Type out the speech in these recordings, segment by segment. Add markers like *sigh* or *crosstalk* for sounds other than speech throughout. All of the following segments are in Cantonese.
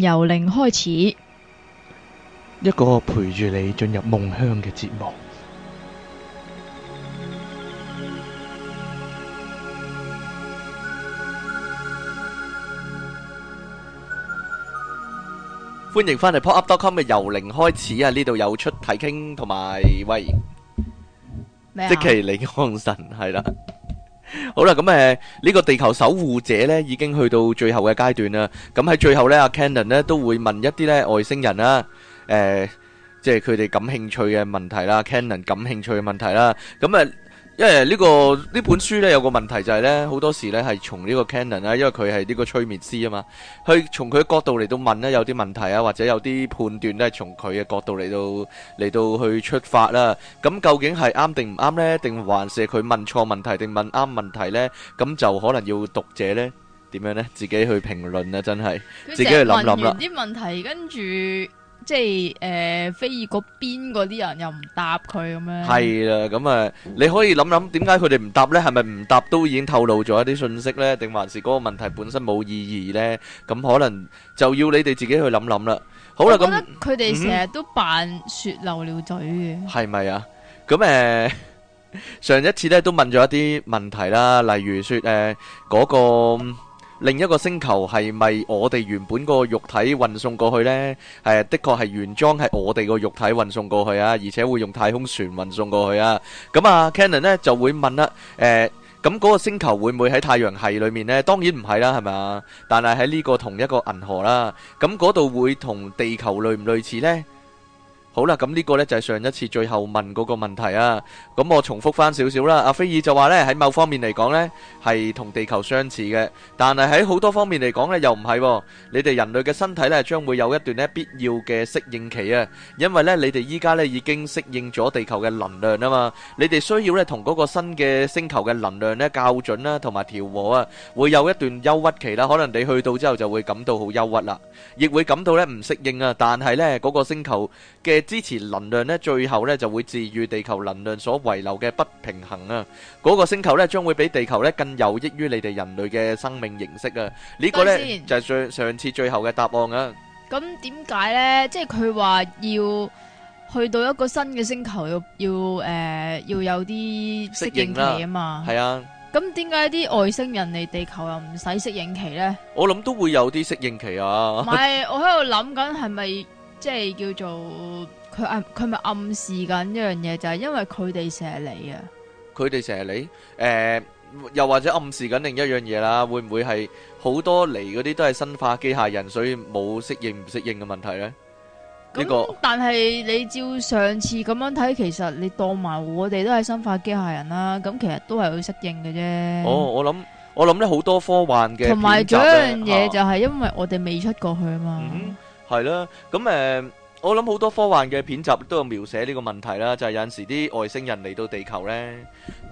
由零開始，一個陪住你進入夢鄉嘅節目。歡迎翻嚟 pop up dot com 嘅由零開始啊！呢度有出體傾同埋喂，即其你康神係啦。 *laughs* 好啦，咁誒，呢、這個地球守護者呢，已經去到最後嘅階段啦。咁喺最後呢，阿 Cannon 呢都會問一啲呢外星人啦，誒、呃，即係佢哋感興趣嘅問題啦，Cannon 感興趣嘅問題啦。咁啊。因為呢個呢本書呢，有個問題就係呢，好多時呢係從呢個 Canon 啊，因為佢係呢個催眠師啊嘛，去從佢角度嚟到問呢，有啲問題啊，或者有啲判斷都係從佢嘅角度嚟到嚟到去出發啦、啊。咁究竟係啱定唔啱呢？定還是佢問錯問題定問啱問題呢？咁就可能要讀者呢點樣呢？自己去評論啊！真係自己去諗諗啲問題跟住。即係誒，菲爾嗰邊嗰啲人又唔答佢咁樣。係啦，咁啊，你可以諗諗點解佢哋唔答咧？係咪唔答都已經透露咗一啲信息咧？定還是嗰個問題本身冇意義咧？咁可能就要你哋自己去諗諗啦。好啦，咁。我覺得佢哋成日都扮說漏了嘴嘅。係咪啊？咁誒，上一次咧都問咗一啲問題啦，例如說誒，嗰個。另一個星球係咪我哋原本個肉體運送過去呢？誒，的確係原裝係我哋個肉體運送過去啊，而且會用太空船運送過去啊。咁啊，Cannon 呢就會問啦，誒、呃，咁嗰個星球會唔會喺太陽系裡面呢？當然唔係啦，係咪？但係喺呢個同一個銀河啦。咁嗰度會同地球類唔類似呢？好啦，咁呢個咧就係上一次最後問嗰個問題啊，咁我重複翻少少啦。阿菲爾就話咧，喺某方面嚟講咧係同地球相似嘅，但係喺好多方面嚟講咧又唔係。你哋人類嘅身體咧將會有一段咧必要嘅適應期啊，因為咧你哋依家咧已經適應咗地球嘅能量啊嘛，你哋需要咧同嗰個新嘅星球嘅能量咧較準啦，同埋調和啊，會有一段憂鬱期啦，可能你去到之後就會感到好憂鬱啦，亦會感到咧唔適應啊，但係咧嗰個星球嘅支持能量咧，最後咧就會治愈地球能量所遺留嘅不平衡啊！嗰個星球咧將會比地球咧更有益於你哋人類嘅生命形式啊！呢個咧就係最上次最後嘅答案啊！咁點解咧？即係佢話要去到一個新嘅星球，要要誒要有啲適應期啊嘛！係啊！咁點解啲外星人嚟地球又唔使適應期咧？我諗都會有啲適應期啊！唔係，我喺度諗緊係咪即係叫做？佢暗佢咪暗示緊一樣嘢，就係因為佢哋成日嚟啊！佢哋成日嚟，誒，又或者暗示緊另一樣嘢啦？會唔會係好多嚟嗰啲都係生化機械人，所以冇適應唔適應嘅問題咧？呢個但係你照上次咁樣睇，其實你當埋我哋都係生化機械人啦，咁其實都係會適應嘅啫。哦，我諗我諗咧，好多科幻嘅同埋，仲有一樣嘢就係因為我哋未出過去啊嘛。嗯，係啦，咁誒。我諗好多科幻嘅片集都有描寫呢個問題啦，就係有陣時啲外星人嚟到地球咧，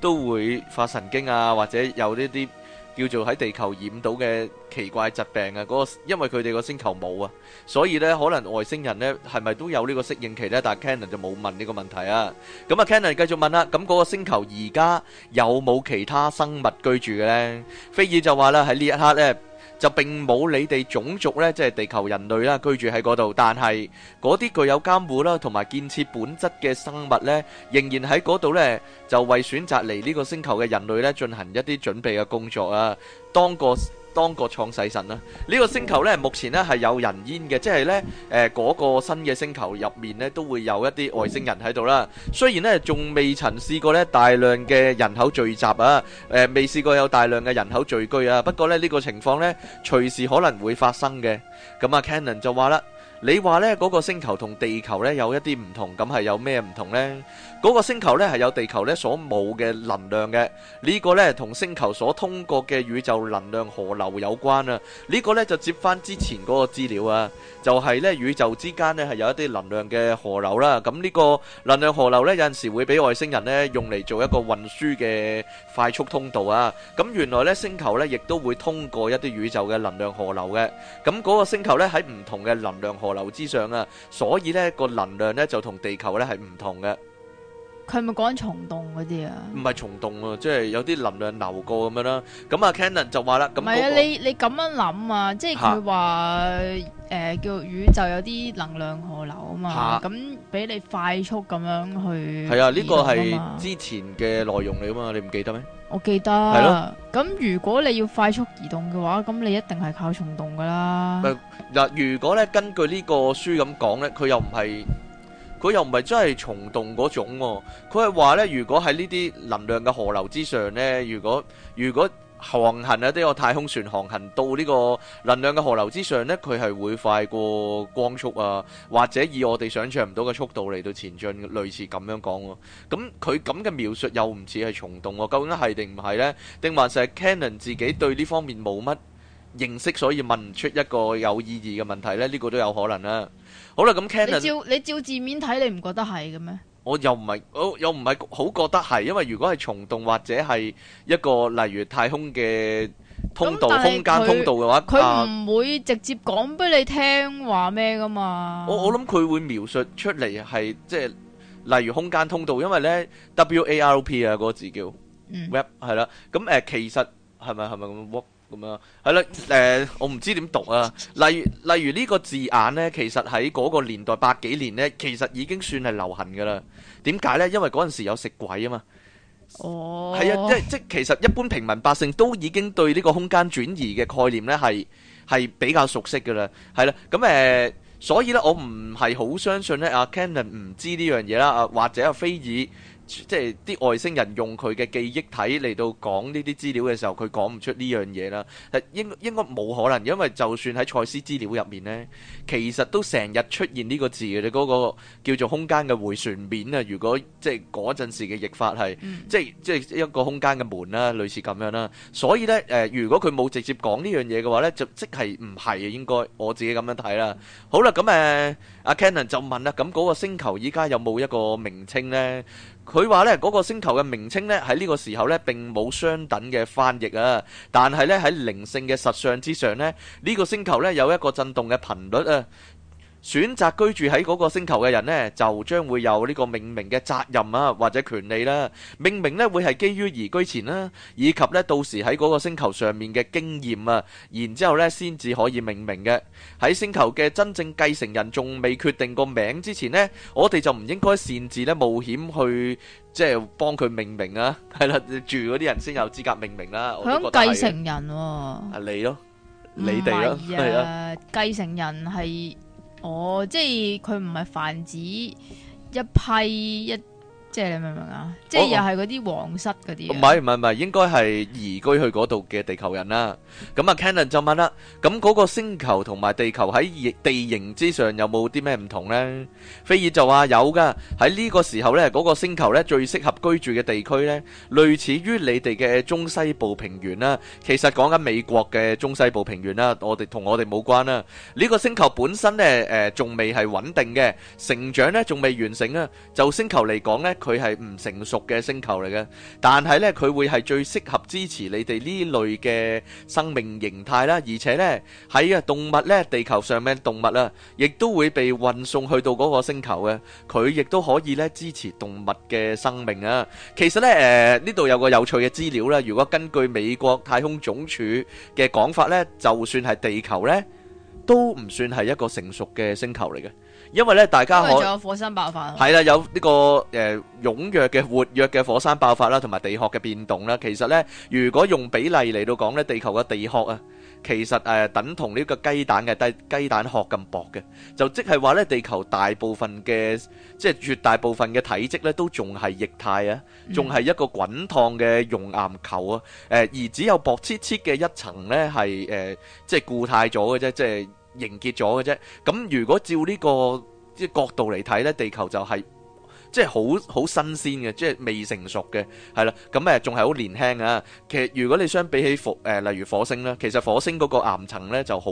都會發神經啊，或者有呢啲叫做喺地球染到嘅奇怪疾病啊。嗰個因為佢哋個星球冇啊，所以咧可能外星人咧係咪都有呢個適應期咧？但係 Cannon 就冇問呢個問題啊。咁啊，Cannon 繼續問啦，咁嗰個星球而家有冇其他生物居住嘅咧？菲爾就話啦，喺呢一刻咧，就並冇你哋種族呢，即係地球人類啦，居住喺嗰度。但係嗰啲具有監護啦同埋建設本質嘅生物呢，仍然喺嗰度呢，就為選擇嚟呢個星球嘅人類呢，進行一啲準備嘅工作啊！當個當個創世神啦，呢個星球呢，目前呢係有人煙嘅，即係呢誒嗰個新嘅星球入面呢都會有一啲外星人喺度啦。雖然呢仲未曾試過呢大量嘅人口聚集啊，誒未試過有大量嘅人口聚居啊，不過呢呢個情況呢隨時可能會發生嘅。咁啊，Cannon 就話啦：你話呢嗰個星球同地球呢有一啲唔同，咁係有咩唔同呢？嗰個星球咧係有地球咧所冇嘅能量嘅，呢個咧同星球所通過嘅宇宙能量河流有關啊！呢個咧就接翻之前嗰個資料啊，就係咧宇宙之間咧係有一啲能量嘅河流啦。咁呢個能量河流咧有陣時會俾外星人咧用嚟做一個運輸嘅快速通道啊。咁原來咧星球咧亦都會通過一啲宇宙嘅能量河流嘅。咁嗰個星球咧喺唔同嘅能量河流之上啊，所以咧個能量咧就同地球咧係唔同嘅。佢係咪講緊蟲洞嗰啲啊？唔係蟲洞啊，即係有啲能量流過咁樣啦。咁啊，Cannon 就話啦，咁。唔係啊，你你咁樣諗啊，即係佢話誒，叫宇宙有啲能量河流啊嘛。吓。咁俾你快速咁樣去。係啊，呢個係之前嘅內容嚟啊嘛，你唔記得咩？我記得。係咯。咁如果你要快速移動嘅話，咁你一定係靠蟲洞噶啦。咪嗱，如果咧根據呢個書咁講咧，佢又唔係。佢又唔係真係蟲洞嗰種喎，佢係話咧，如果喺呢啲能量嘅河流之上咧，如果如果航行啊，呢個太空船航行到呢個能量嘅河流之上咧，佢係會快過光速啊，或者以我哋想象唔到嘅速度嚟到前進，類似咁樣講喎。咁佢咁嘅描述又唔似係蟲洞喎，究竟係定唔係咧？定還是係 Cannon 自己對呢方面冇乜認識，所以問唔出一個有意義嘅問題咧？呢個都有可能啦。好啦，咁你照你照字面睇，你唔覺得係嘅咩？我又唔係，我又唔係好覺得係，因為如果係蟲洞或者係一個例如太空嘅通道，但但空間通道嘅話，佢唔會直接講俾你聽話咩㗎嘛？我我諗佢會描述出嚟係即係例如空間通道，因為呢 WARP 啊嗰，嗰個字叫、嗯、Web 係啦。咁誒、呃，其實係咪係咪咁？是咁啊，係啦，誒、呃，我唔知點讀啊。例如，例如呢個字眼呢，其實喺嗰個年代百幾年呢，其實已經算係流行嘅啦。點解呢？因為嗰陣時有食鬼啊嘛。哦，係啊，即即其實一般平民百姓都已經對呢個空間轉移嘅概念呢係係比較熟悉嘅啦。係啦，咁、嗯、誒、呃，所以呢，我唔係好相信咧，阿 Cannon 唔知呢樣嘢啦，或者阿、啊、菲爾。即係啲外星人用佢嘅記憶體嚟到講呢啲資料嘅時候，佢講唔出呢樣嘢啦。係應應該冇可能，因為就算喺賽斯資料入面咧，其實都成日出現呢個字嘅。你嗰個叫做空間嘅回旋面啊，如果即係嗰陣時嘅譯法係即係即係一個空間嘅門啦，類似咁樣啦。所以咧誒，如果佢冇直接講呢樣嘢嘅話咧，就即係唔係應該我自己咁樣睇啦。好啦，咁誒，阿 Canon 就問啦，咁嗰個星球依家有冇一個名稱咧？佢話呢嗰個星球嘅名稱呢，喺呢個時候呢並冇相等嘅翻譯啊，但係呢，喺靈性嘅實相之上呢，呢、呢個星球呢有一個震動嘅頻率啊。選擇居住喺嗰個星球嘅人呢，就將會有呢個命名嘅責任啊，或者權利啦。命名呢會係基於移居前啦，以及呢到時喺嗰個星球上面嘅經驗啊，然之後呢先至可以命名嘅。喺星球嘅真正繼承人仲未決定個名之前呢，我哋就唔應該擅自呢冒險去即係幫佢命名啊。係啦，住嗰啲人先有資格命名啦。嚇，繼承人喎，係你咯，你哋咯，係啊，繼承人係。哦，oh，即係佢唔係泛指一批一。即係你明唔明啊？即係又係嗰啲皇室嗰啲。唔係唔係唔係，應該係移居去嗰度嘅地球人啦。咁啊，Cannon 就問啦：咁嗰個星球同埋地球喺地形之上有冇啲咩唔同呢？菲爾就話有㗎。喺呢個時候呢，嗰個星球呢最適合居住嘅地區呢，類似於你哋嘅中西部平原啦。其實講緊美國嘅中西部平原啦，我哋同我哋冇關啦。呢個星球本身呢，誒仲未係穩定嘅，成長呢仲未完成啊。就星球嚟講呢。佢係唔成熟嘅星球嚟嘅，但係呢，佢會係最適合支持你哋呢類嘅生命形態啦，而且呢，喺啊動物呢，地球上面動物啦，亦都會被運送去到嗰個星球嘅，佢亦都可以呢支持動物嘅生命啊。其實呢誒呢度、呃、有個有趣嘅資料啦，如果根據美國太空總署嘅講法呢，就算係地球呢，都唔算係一個成熟嘅星球嚟嘅。因為咧，大家仲有火山爆發？係啦，有呢、這個誒，踴躍嘅活躍嘅火山爆發啦，同埋地殼嘅變動啦。其實咧，如果用比例嚟到講咧，地球嘅地殼啊，其實誒、呃、等同呢個雞蛋嘅蛋雞蛋殼咁薄嘅，就即係話咧，地球大部分嘅即係絕大部分嘅體積咧，都仲係液態啊，仲係一個滾燙嘅熔岩球啊。誒、嗯，而只有薄切切嘅一層咧，係誒即係固態咗嘅啫，即係。即凝結咗嘅啫，咁如果照呢個即角度嚟睇呢，地球就係、是。即係好好新鮮嘅，即係未成熟嘅，係啦。咁誒仲係好年輕啊。其實如果你相比起火誒、呃，例如火星啦，其實火星嗰個岩層咧就好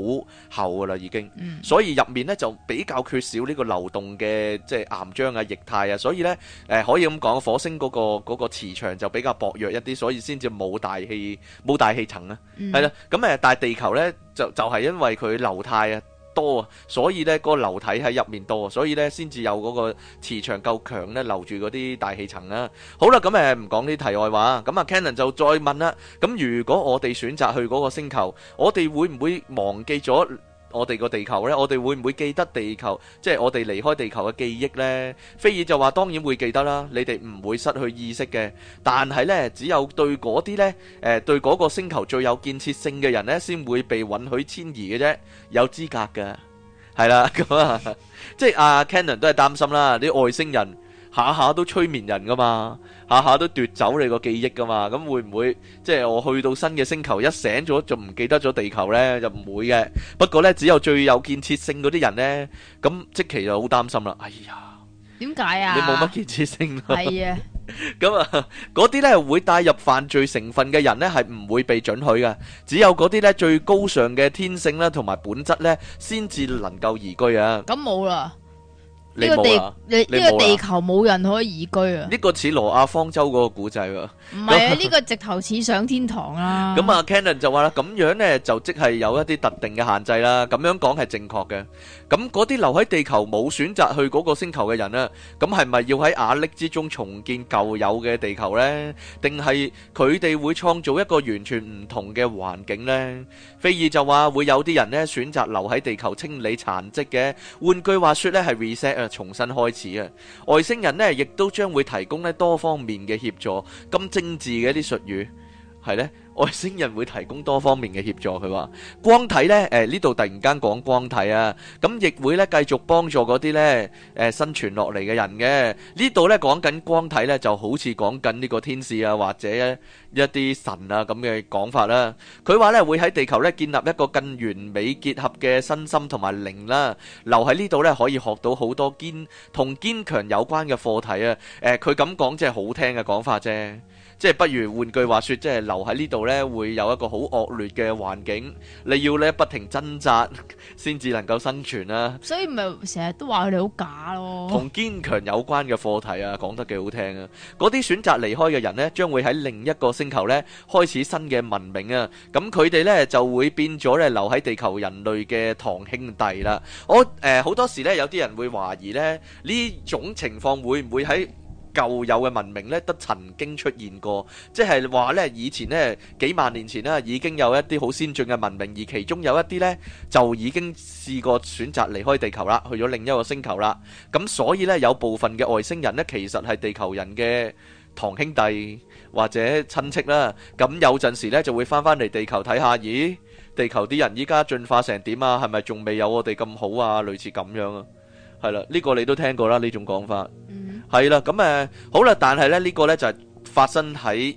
厚噶啦，已經。嗯、所以入面咧就比較缺少呢個流動嘅即係岩漿啊液態啊，所以咧誒、呃、可以咁講，火星嗰、嗰個、嗰個磁場就比較薄弱一啲，所以先至冇大氣冇大氣層啊。係啦，咁誒、嗯、但係地球咧就就係、係、因為佢流態啊。多啊，所以呢個流體喺入面多，所以呢先至有嗰個磁場夠強咧，留住嗰啲大氣層啦。好啦，咁誒唔講啲題外話，咁啊 Canon 就再問啦。咁如果我哋選擇去嗰個星球，我哋會唔會忘記咗？我哋個地球呢，我哋會唔會記得地球？即係我哋離開地球嘅記憶呢？菲爾就話：當然會記得啦。你哋唔會失去意識嘅，但係呢，只有對嗰啲呢，誒、呃、對嗰個星球最有建設性嘅人呢，先會被允許遷移嘅啫，有資格㗎。係啦，咁 *laughs* *laughs* 啊，即係阿 Cannon 都係擔心啦，啲外星人。下下都催眠人噶嘛，下下都奪走你個記憶噶嘛，咁會唔會即係我去到新嘅星球一醒咗就唔記得咗地球呢？就唔會嘅。不過呢，只有最有建設性嗰啲人呢，咁即期就好擔心啦。哎呀，點解啊？你冇乜建設性的，係啊。 *laughs* 咁啊，嗰啲呢會帶入犯罪成分嘅人呢，係唔會被准許嘅。只有嗰啲呢最高尚嘅天性呢，同埋本質呢，先至能夠移居啊。咁冇啦。呢個地，呢個地球冇人可以移居啊！呢個似羅亞方舟嗰個古仔啊，啊！唔係啊，呢個直頭似上天堂啊，咁啊，Cannon 就話啦：咁樣咧，就即係有一啲特定嘅限制啦。咁樣講係正確嘅。咁啲留喺地球冇選擇去嗰個星球嘅人咧，咁係咪要喺瓦礫之中重建舊有嘅地球咧？定係佢哋會創造一個完全唔同嘅環境咧？菲爾就話會有啲人咧選擇留喺地球清理殘跡嘅。換句話說咧，係 reset。重新開始啊！外星人呢亦都將會提供多方面嘅協助，咁精緻嘅一啲術語，係呢。外星人會提供多方面嘅協助，佢話光體呢，誒呢度突然間講光體啊，咁亦會咧繼續幫助嗰啲咧誒生存落嚟嘅人嘅。呢度咧講緊光體呢，就好似講緊呢個天使啊，或者一啲神啊咁嘅講法啦、啊。佢話咧會喺地球咧建立一個更完美結合嘅身心同埋靈啦，留喺呢度呢，可以學到好多堅同堅強有關嘅課題啊。誒、呃，佢咁講即係好聽嘅講法啫。即係不如換句話說，即係留喺呢度咧，會有一個好惡劣嘅環境，你要咧不停掙扎先至能夠生存啦。所以咪成日都話佢哋好假咯。同堅強有關嘅課題啊，講得幾好聽啊！嗰啲選擇離開嘅人咧，將會喺另一個星球咧開始新嘅文明啊！咁佢哋咧就會變咗咧留喺地球人類嘅堂兄弟啦。我誒好多時咧，有啲人會懷疑咧呢種情況會唔會喺舊有嘅文明呢，都曾經出現過，即係話呢，以前呢，幾萬年前呢，已經有一啲好先進嘅文明，而其中有一啲呢，就已經試過選擇離開地球啦，去咗另一個星球啦。咁所以呢，有部分嘅外星人呢，其實係地球人嘅堂兄弟或者親戚啦。咁有陣時呢，就會返返嚟地球睇下，咦？地球啲人依家進化成點啊？係咪仲未有我哋咁好啊？類似咁樣啊？係啦，呢、這個你都聽過啦，呢種講法。係啦、mm，咁、hmm. 誒、嗯、好啦，但係咧呢、這個咧就係、是、發生喺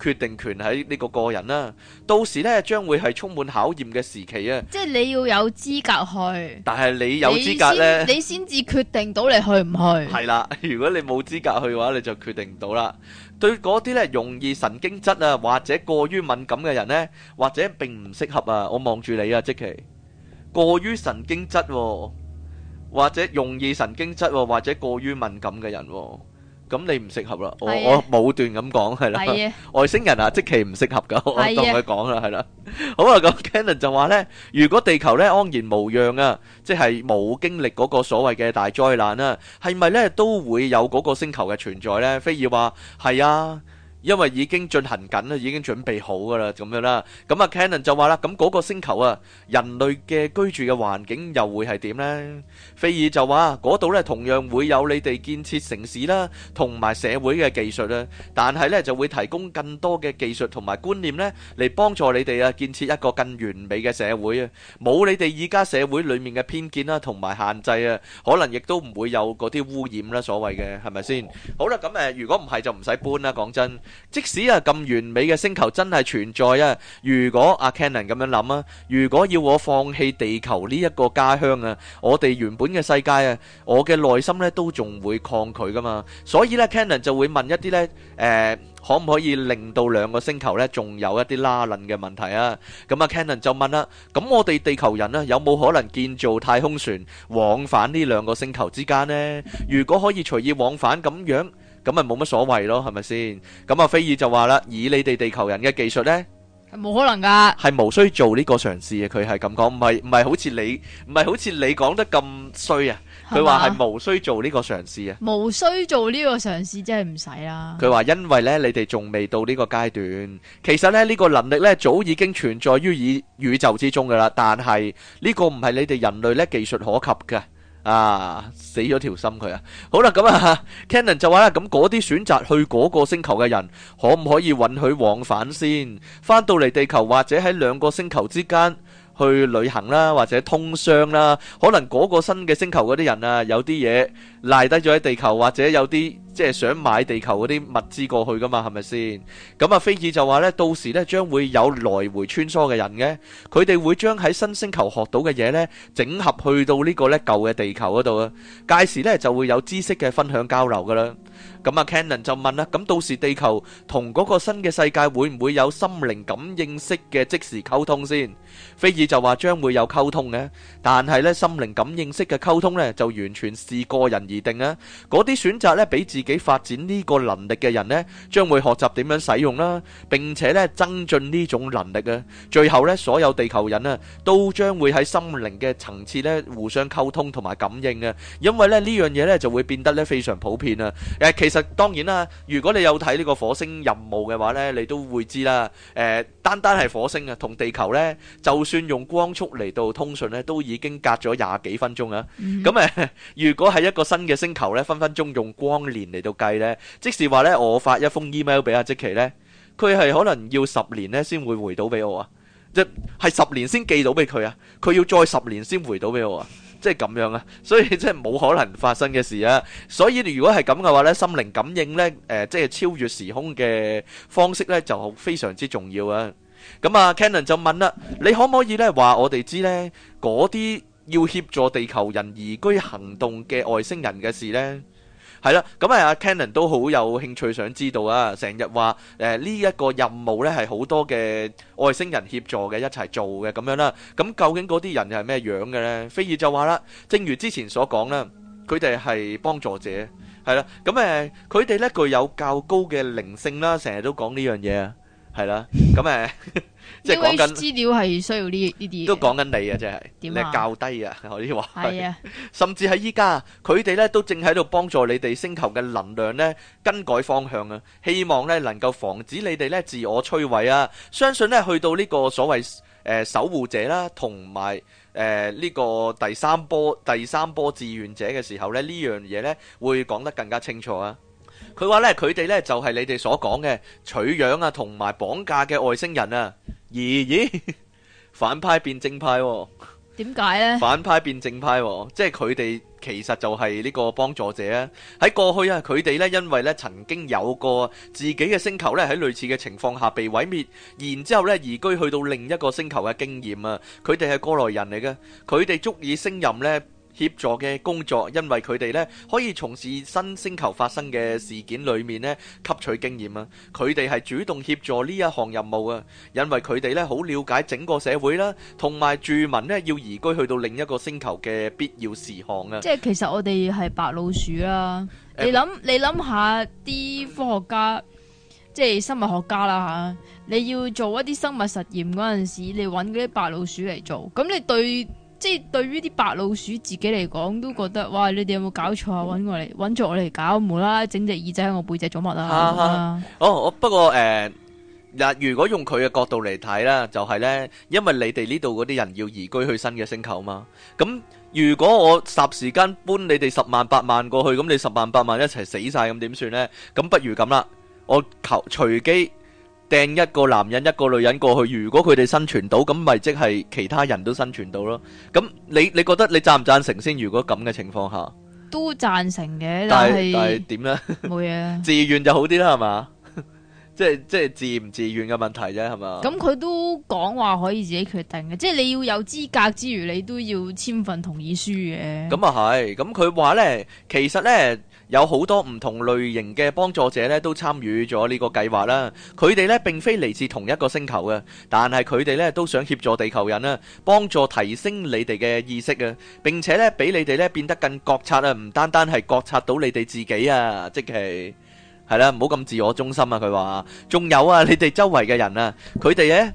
決定權喺呢個個人啦，到時呢，將會係充滿考驗嘅時期啊！即係你要有資格去，但係你有資格呢？你先至決定到你去唔去。係啦，如果你冇資格去嘅話，你就決定唔到啦。對嗰啲呢，容易神經質啊，或者過於敏感嘅人呢，或者並唔適合啊。我望住你啊，即期過於神經質，啊，或者容易神經質，啊，或者過於敏感嘅人，啊。咁你唔適合啦的，我我武斷咁講係啦，的外星人啊即係唔適合㗎，我同佢講啦係啦，的好啊咁，Cannon 就話呢：「如果地球呢安然無恙啊，即係冇經歷嗰個所謂嘅大災難啊，係咪呢都會有嗰個星球嘅存在呢？」非爾話係啊。因為已經進行緊啦，已經準備好㗎啦，咁樣啦。咁啊，Canon 就話啦，咁嗰個星球啊，人類嘅居住嘅環境又會係點呢？菲爾就話嗰度呢同樣會有你哋建設城市啦，同埋社會嘅技術咧，但係呢，就會提供更多嘅技術同埋觀念呢，嚟幫助你哋啊，建設一個更完美嘅社會啊，冇你哋依家社會裡面嘅偏見啦，同埋限制啊，可能亦都唔會有嗰啲污染啦，所謂嘅係咪先？ *noise* 好啦，咁誒，如果唔係就唔使搬啦，講真。即使啊咁完美嘅星球真係存在啊，如果阿 Cannon 咁樣諗啊，如果要我放棄地球呢一個家鄉啊，我哋原本嘅世界啊，我嘅內心咧都仲會抗拒噶嘛，所以咧 Cannon 就會問一啲咧，誒可唔可以令到兩個星球咧仲有一啲拉楞嘅問題啊？咁啊 Cannon 就問啦，咁我哋地球人咧有冇可能建造太空船往返呢兩個星球之間咧？如果可以隨意往返咁樣。咁咪冇乜所謂咯，係咪先？咁啊，菲爾就話啦，以你哋地球人嘅技術呢，係冇可能噶，係無須做呢個嘗試啊！佢係咁講，唔係唔係好似你唔係好似你講得咁衰啊！佢話係無須做呢個嘗試啊！無須做呢個嘗試，即係唔使啦。佢話因為呢，你哋仲未到呢個階段，其實呢呢個能力呢早已經存在於以宇宙之中噶啦，但係呢個唔係你哋人類呢技術可及嘅。啊！死咗條心佢啊！好啦，咁啊，Cannon 就話啦，咁嗰啲選擇去嗰個星球嘅人，可唔可以允許往返先？翻到嚟地球或者喺兩個星球之間去旅行啦，或者通商啦，可能嗰個新嘅星球嗰啲人啊，有啲嘢賴低咗喺地球，或者有啲。即係想買地球嗰啲物資過去噶嘛，係咪先？咁啊，菲爾就話呢，到時呢將會有來回穿梭嘅人嘅，佢哋會將喺新星球學到嘅嘢呢，整合去到呢個呢舊嘅地球嗰度啊。屆時呢就會有知識嘅分享交流噶啦。咁啊，Canon 就問啦，咁到時地球同嗰個新嘅世界會唔會有心靈感應式嘅即時溝通先？菲爾就話將會有溝通嘅，但係呢，心靈感應式嘅溝通呢就完全視個人而定啊。嗰啲選擇呢俾自己。己發展呢個能力嘅人咧，將會學習點樣使用啦，並且咧增進呢種能力啊。最後咧，所有地球人啊，都將會喺心靈嘅層次咧互相溝通同埋感應啊。因為咧呢樣嘢咧就會變得咧非常普遍啊。誒，其實當然啦，如果你有睇呢個火星任務嘅話咧，你都會知啦。誒，單單係火星啊，同地球咧，就算用光速嚟到通訊咧，都已經隔咗廿幾分鐘啊。咁誒，如果係一個新嘅星球咧，分分鐘用光年。嚟到計咧，即係話咧，我發一封 email 俾阿積奇咧，佢係可能要十年咧先會回到俾我啊，即係十年先寄到俾佢啊，佢要再十年先回到俾我啊，即係咁樣啊，所以即係冇可能發生嘅事啊，所以如果係咁嘅話咧，心靈感應咧，誒，即係超越時空嘅方式咧，就非常之重要啊。咁啊，Cannon 就問啦，你可唔可以咧話我哋知咧嗰啲要協助地球人移居行動嘅外星人嘅事咧？係啦，咁啊，阿 Cannon 都好有興趣想知道啊，成日話誒呢一個任務呢係好多嘅外星人協助嘅一齊做嘅咁樣啦，咁究竟嗰啲人係咩樣嘅呢？菲爾就話啦，正如之前所講啦，佢哋係幫助者，係啦，咁誒佢哋呢具有較高嘅靈性啦，成日都講呢樣嘢啊，係啦，咁誒。呃 *laughs* 即係講緊資料係需要呢啲，都講緊你啊，真係點啊，較低啊，可以話係啊，甚至喺依家佢哋咧都正喺度幫助你哋星球嘅能量咧更改方向啊，希望咧能夠防止你哋咧自我摧毀啊，相信咧去到呢個所謂誒、呃、守護者啦，同埋誒呢個第三波第三波志願者嘅時候咧呢樣嘢咧會講得更加清楚啊。佢話咧，佢哋咧就係你哋所講嘅取樣啊，同埋綁架嘅外星人啊，咦、哎、咦，反派變正派，點解咧？反派變正派，即係佢哋其實就係呢個幫助者啊！喺過去啊，佢哋咧因為咧曾經有過自己嘅星球咧喺類似嘅情況下被毀滅，然之後咧移居去到另一個星球嘅經驗啊，佢哋係過來人嚟嘅，佢哋足以升任呢。協助嘅工作，因為佢哋咧可以從事新星球發生嘅事件裏面咧吸取經驗啊！佢哋係主動協助呢一項任務啊，因為佢哋咧好了解整個社會啦，同埋住民咧要移居去到另一個星球嘅必要事項啊！即係其實我哋係白老鼠啦，你諗你諗下啲科學家，即係生物學家啦吓，你要做一啲生物實驗嗰陣時，你搵嗰啲白老鼠嚟做，咁你對？即係對於啲白老鼠自己嚟講，都覺得，哇！你哋有冇搞錯啊？搵我嚟，搵咗我嚟搞，無啦啦整隻耳仔喺我背脊做乜啦。哈哈，哦，我不過誒，嗱、呃、如果用佢嘅角度嚟睇咧，就係、是、咧，因為你哋呢度嗰啲人要移居去新嘅星球嘛。咁如果我霎時間搬你哋十萬八萬過去，咁你十萬八萬一齊死晒，咁點算咧？咁不如咁啦，我求隨機。掟一個男人一個女人過去，如果佢哋生存到，咁咪即係其他人都生存到咯。咁你你覺得你贊唔贊成先？如果咁嘅情況下，都贊成嘅，但係但係點咧？冇嘢， *laughs* 自願就好啲啦，係嘛？ *laughs* 即係即係自唔自願嘅問題啫，係嘛？咁佢都講話可以自己決定嘅，即係你要有資格之餘，你都要簽份同意書嘅。咁啊係，咁佢話咧，其實咧。有好多唔同類型嘅幫助者呢，都參與咗呢個計劃啦。佢哋呢，並非嚟自同一個星球嘅，但係佢哋呢，都想協助地球人，幫助提升你哋嘅意識，並且呢，俾你哋呢，變得更覺察，唔單單係覺察到你哋自己，即係。係啦，唔好咁自我中心，佢話。仲有啊，你哋周圍嘅人，佢哋呢，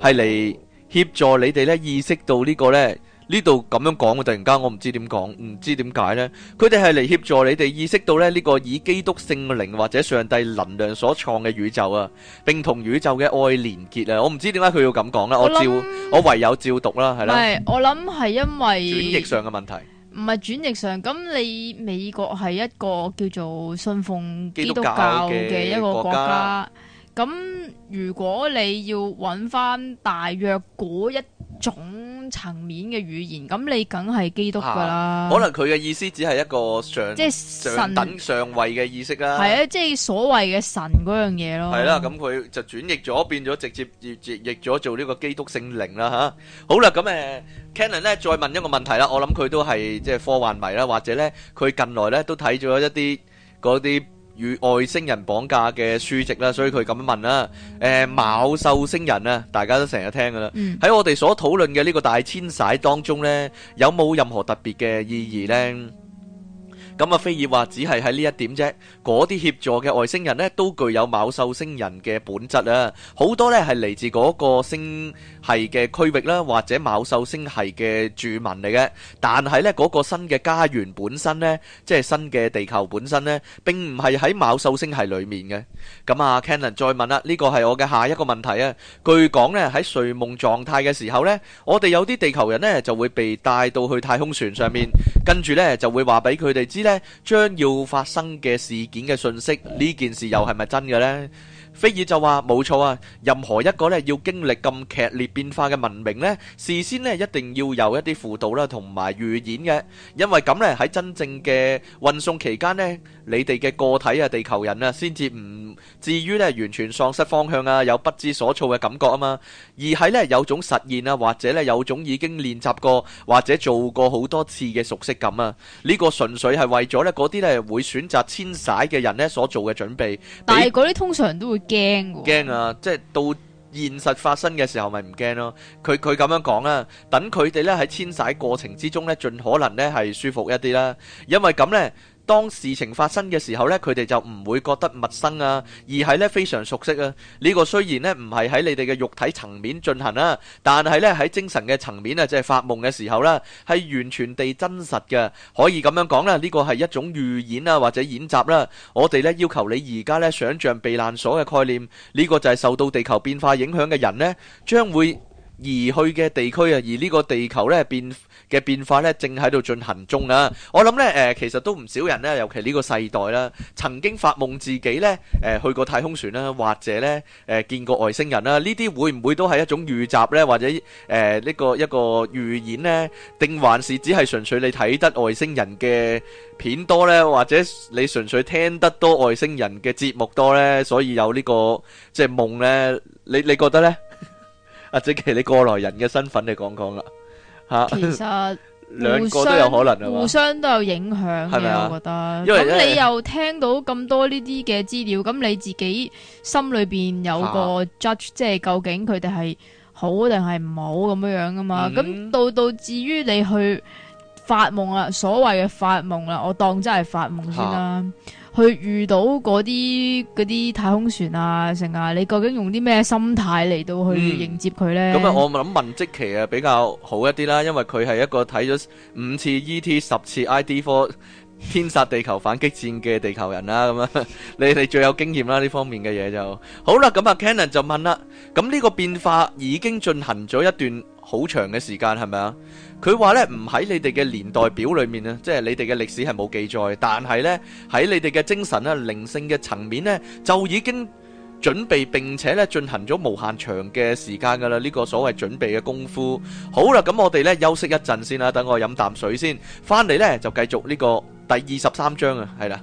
係嚟協助你哋呢意識到呢個呢，呢度咁樣講，我突然間我唔知點講，唔知點解呢。佢哋係嚟協助你哋意識到咧呢個以基督聖靈或者上帝能量所創嘅宇宙啊，並同宇宙嘅愛連結啊。我唔知點解佢要咁講咧。我,想我照我唯有照讀啦，係啦是。的我諗係因為轉譯上嘅問題，唔係轉譯上咁。你美國係一個叫做信奉基督教嘅一個國家。咁如果你要揾翻大約嗰一種層面嘅語言，咁你梗係基督教噶啦。可能佢嘅意思只係一個上即係神，上等上位嘅意識啦。係啊，即係所謂嘅神嗰樣嘢咯。係啦，咁佢就轉譯咗，變咗直接譯譯譯咗做呢個基督聖靈啦嚇。好啦，咁誒，Cannon 咧，再問一個問題啦。我諗佢都係即係科幻迷啦，或者咧佢近來咧都睇咗一啲嗰啲。與外星人綁架嘅書籍啦，所以佢咁問啦。誒、呃，昴宿星人啊，大家都成日聽噶啦。喺、嗯、我哋所討論嘅呢個大遷徙當中呢，有冇任何特別嘅意義呢？咁啊，菲爾話只係喺呢一點啫。嗰啲協助嘅外星人呢，都具有昴宿星人嘅本質啊。好多呢係嚟自嗰個星系嘅區域啦，或者昴宿星系嘅住民嚟嘅。但係呢，嗰個新嘅家園本身呢，即係新嘅地球本身呢，並唔係喺昴宿星系裡面嘅。咁啊，Cannon 再問啦，呢個係我嘅下一個問題啊。據講呢，喺睡夢狀態嘅時候呢，我哋有啲地球人呢就會被帶到去太空船上面，跟住呢就會話俾佢哋知。將要發生嘅事件嘅信息，呢件事又係咪真嘅咧？菲爾就話：冇錯啊，任何一個咧要經歷咁劇烈變化嘅文明咧，事先咧一定要有一啲輔導啦，同埋預演嘅。因為咁咧，喺真正嘅運送期間咧，你哋嘅個體啊，地球人啊，先至唔至於咧完全喪失方向啊，有不知所措嘅感覺啊嘛。而係咧有種實現啊，或者咧有種已經練習過或者做過好多次嘅熟悉感啊。呢個純粹係為咗咧嗰啲咧會選擇遷徙嘅人咧所做嘅準備。但係嗰啲通常都會。驚，驚啊！即係到現實發生嘅時候，咪唔驚咯。佢佢咁樣講啦，等佢哋咧喺遷徙過程之中咧，盡可能咧係舒服一啲啦。因為咁咧。當事情發生嘅時候呢，佢哋就唔會覺得陌生啊，而係呢非常熟悉啊。呢個雖然呢唔係喺你哋嘅肉體層面進行啊，但係呢喺精神嘅層面啊，即係發夢嘅時候呢，係完全地真實嘅，可以咁樣講啦。呢個係一種預演啊，或者演習啦。我哋呢要求你而家呢想象避難所嘅概念，呢個就係受到地球變化影響嘅人呢，將會而去嘅地區啊，而呢個地球呢，變嘅變化呢，正喺度進行中啊！我諗呢，誒、呃、其實都唔少人呢，尤其呢個世代啦，曾經發夢自己呢，誒、呃、去過太空船啦，或者呢，誒、呃、見過外星人啦，呢啲會唔會都係一種預習呢？或者誒、呢個一個預演呢？定還是只係純粹你睇得外星人嘅片多呢？或者你純粹聽得多外星人嘅節目多呢？所以有呢、這個即係、就是、夢呢。你你覺得呢？阿鄭其，你過來人嘅身份你講講啦，吓、啊，其實兩個都有可能互相，吧互相都有影響嘅，吧我覺得，咁為你又聽到咁多呢啲嘅資料，咁你自己心裏邊有個 judge，即係、啊、究竟佢哋係好定係唔好咁樣樣㗎嘛？咁到到至於你去發夢啦，所謂嘅發夢啦，我當真係發夢先啦、啊。啊去遇到嗰啲啲太空船啊，成啊，你究竟用啲咩心態嚟到去迎接佢咧？咁啊、嗯，我諗文積奇啊比較好一啲啦，因為佢係一個睇咗五次 E.T. 十次 I.D. Four 天煞地球反擊戰嘅地球人啦，咁啊，你哋最有經驗啦呢方面嘅嘢就。好啦，咁啊，Cannon 就問啦，咁呢個變化已經進行咗一段好長嘅時間，係咪啊？佢話咧唔喺，你哋嘅年代表裏面啊，即係你哋嘅歷史係冇記載，但係咧喺你哋嘅精神啦、靈性嘅層面咧就已經準備並且咧進行咗無限長嘅時間噶啦，呢個所謂準備嘅功夫。好啦，咁我哋咧休息一陣先啦，等我飲啖水先，翻嚟咧就繼續呢個第二十三章啊，係啦。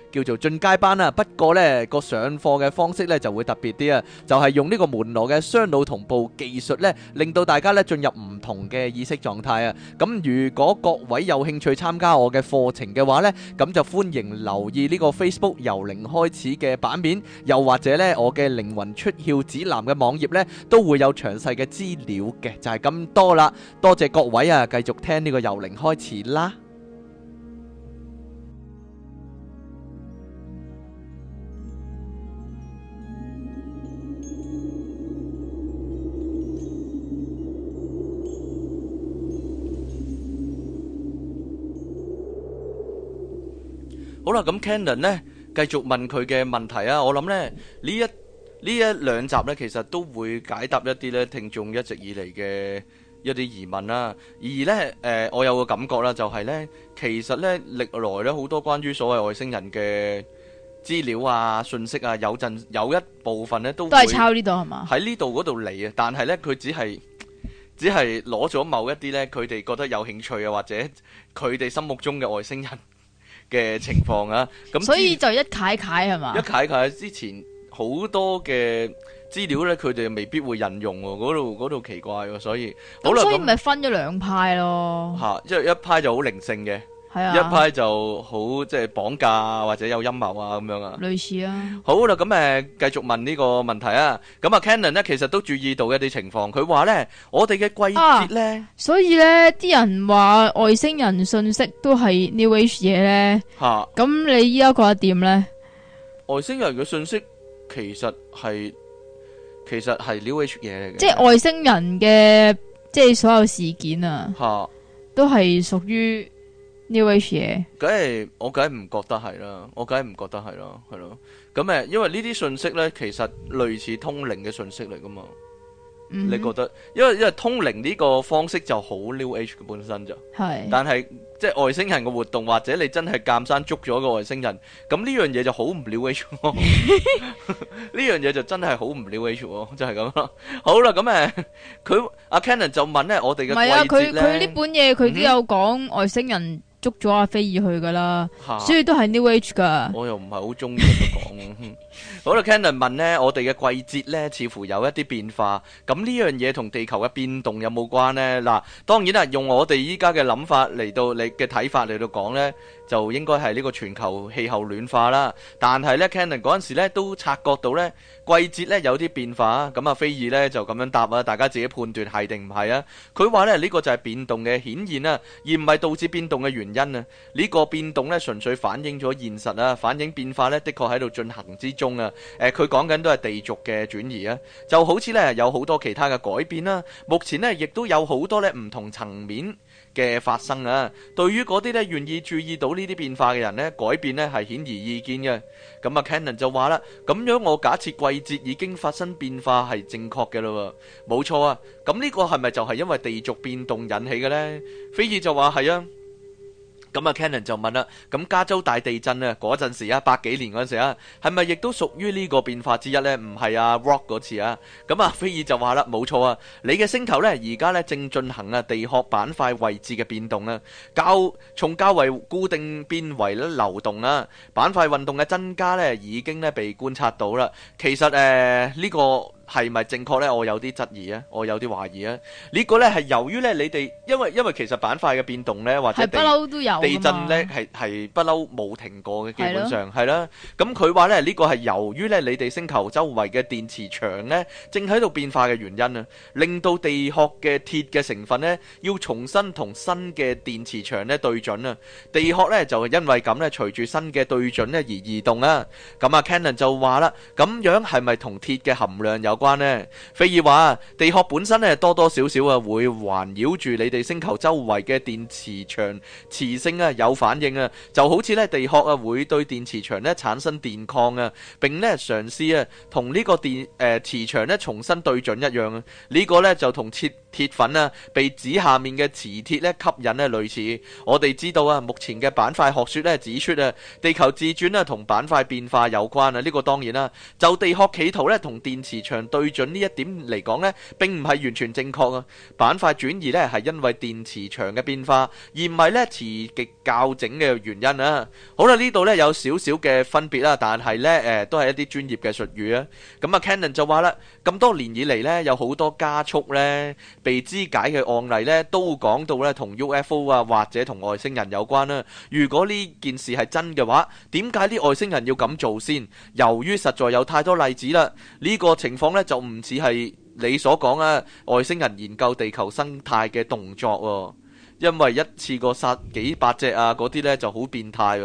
叫做進階班啦，不過呢個上課嘅方式呢就會特別啲啊，就係用呢個門羅嘅雙腦同步技術呢，令到大家呢進入唔同嘅意識狀態啊。咁如果各位有興趣參加我嘅課程嘅話呢，咁就歡迎留意呢個 Facebook 由零開始嘅版面，又或者呢我嘅靈魂出竅指南嘅網頁呢都會有詳細嘅資料嘅，就係咁多啦。多謝各位啊，繼續聽呢個由零開始啦。好啦，咁 Cannon 咧，繼續問佢嘅問題啊！我諗咧呢一呢一兩集咧，其實都會解答一啲咧聽眾一直以嚟嘅一啲疑問啦。而咧誒，我有個感覺啦，就係咧，其實咧歷來咧好多關於所謂外星人嘅資料啊、信息啊，有陣有一部分咧都都係抄呢度係嘛？喺呢度嗰度嚟啊！但係咧，佢只係只係攞咗某一啲咧，佢哋覺得有興趣啊，或者佢哋心目中嘅外星人。嘅情況啊，咁 *laughs* 所以就一楷楷係嘛？一楷楷之前好多嘅資料咧，佢哋未必會引用喎、啊，嗰度嗰度奇怪喎、啊，所以咁所以咪好那分咗兩派咯。嚇，即係一派就好靈性嘅。啊、一派就好，即係綁架或者有陰謀啊，咁樣啊，類似啊。好啦，咁誒，繼續問呢個問題啊。咁啊，Cannon 咧，其實都注意到一啲情況。佢話咧，我哋嘅季節咧、啊，所以咧，啲人話外星人信息都係 new age 嘢咧。吓、啊，咁你依家覺得點咧？外星人嘅信息其實係其實係 new age 嘢嚟嘅，即係外星人嘅即係所有事件啊，吓、啊、都係屬於。呢位嘢，梗係 New 我梗係唔覺得係啦，我梗係唔覺得係咯，係咯。咁誒，因為呢啲信息咧，其實類似通靈嘅信息嚟噶嘛。Mm hmm. 你覺得？因為因為通靈呢個方式就好 New Age 嘅本身啫。係是。但係即係外星人嘅活動，或者你真係鑒生捉咗個外星人，咁呢樣嘢就好唔 New Age。呢 *laughs* *laughs* *laughs* 樣嘢就真係好唔 New Age。就係咁咯。好啦，咁誒，佢阿 Cannon 就問咧，我哋嘅係啊，佢佢呢本嘢佢都有講外星人、mm。Hmm. 捉咗阿菲爾去噶啦，所以都係 New Age 噶。 *laughs* *laughs* *noise* 我又唔係好中意咁講。好啦，Cannon 問呢，我哋嘅季節呢，似乎有一啲變化。咁呢樣嘢同地球嘅變動有冇關呢？嗱，當然啦，用我哋依家嘅諗法嚟到你嘅睇法嚟到講呢。就應該係呢個全球氣候暖化啦，但係呢 Cannon 嗰陣時咧都察覺到呢季節呢有啲變化啊，咁啊，菲爾呢就咁樣答啊，大家自己判斷係定唔係啊。佢話呢，呢、這個就係變動嘅顯現啊，而唔係導致變動嘅原因啊。呢、這個變動呢，純粹反映咗現實啊，反映變化呢，的確喺度進行之中啊。誒、呃，佢講緊都係地軸嘅轉移啊，就好似呢，有好多其他嘅改變啦、啊。目前呢，亦都有好多呢唔同層面嘅發生啊，對於嗰啲咧願意注意到呢啲變化嘅人咧，改變咧係顯而易見嘅。咁啊，Cannon 就話啦，咁樣我假設季節已經發生變化係正確嘅嘞喎，冇錯啊。咁呢個係咪就係因為地軸變動引起嘅咧？菲爾就話係啊。咁啊 Cannon 就問啦，咁加州大地震啊，嗰陣時啊，百幾年嗰陣時啊，係咪亦都屬於呢個變化之一呢？唔係啊，Rock 嗰次啊，咁啊，菲爾就話啦，冇錯啊，你嘅星球呢，而家呢，正進行啊地殼板塊位置嘅變動啊，較從較為固定變為咧流動啊，板塊運動嘅增加呢，已經呢，被觀察到啦。其實誒呢、呃這個係咪正確呢？我有啲質疑啊，我有啲懷疑啊。呢、這個呢係由於呢你哋，因為因為其實板塊嘅變動呢，或者地，地震呢，係係不嬲冇停過嘅，基本上係啦。咁佢話呢，這個、呢個係由於呢你哋星球周圍嘅電磁場呢正喺度變化嘅原因啊，令到地殼嘅鐵嘅成分呢要重新同新嘅電磁場呢對準啊。地殼呢就係因為咁呢，隨住新嘅對準呢而移動啊。咁、嗯、啊、嗯、Cannon 就話啦，咁樣係咪同鐵嘅含量有？關咧，菲爾話地殼本身咧多多少少啊會環繞住你哋星球周圍嘅電磁場磁性啊有反應啊，就好似咧地殼啊會對電磁場咧產生電抗啊，並咧嘗試啊同呢個電誒、呃、磁場咧重新對準一樣啊。呢、這個咧就同切鐵粉啊被紙下面嘅磁鐵咧吸引咧類似。我哋知道啊，目前嘅板塊學說咧指出啊，地球自轉啊同板塊變化有關啊。呢、這個當然啦，就地殼企圖咧同電磁場。對準呢一點嚟講呢並唔係完全正確啊！板塊轉移呢係因為電磁場嘅變化，而唔係呢磁極校整嘅原因啊！好啦，呢度呢有少少嘅分別啦，但係呢誒都係一啲專業嘅術語啊！咁啊，Cannon 就話啦，咁多年以嚟呢，有好多加速呢、被肢解嘅案例呢，都講到呢同 UFO 啊或者同外星人有關啦。如果呢件事係真嘅話，點解啲外星人要咁做先？由於實在有太多例子啦，呢、呢個情況。咧就唔似係你所講啊外星人研究地球生態嘅動作，因為一次過殺幾百隻啊嗰啲咧就好變態。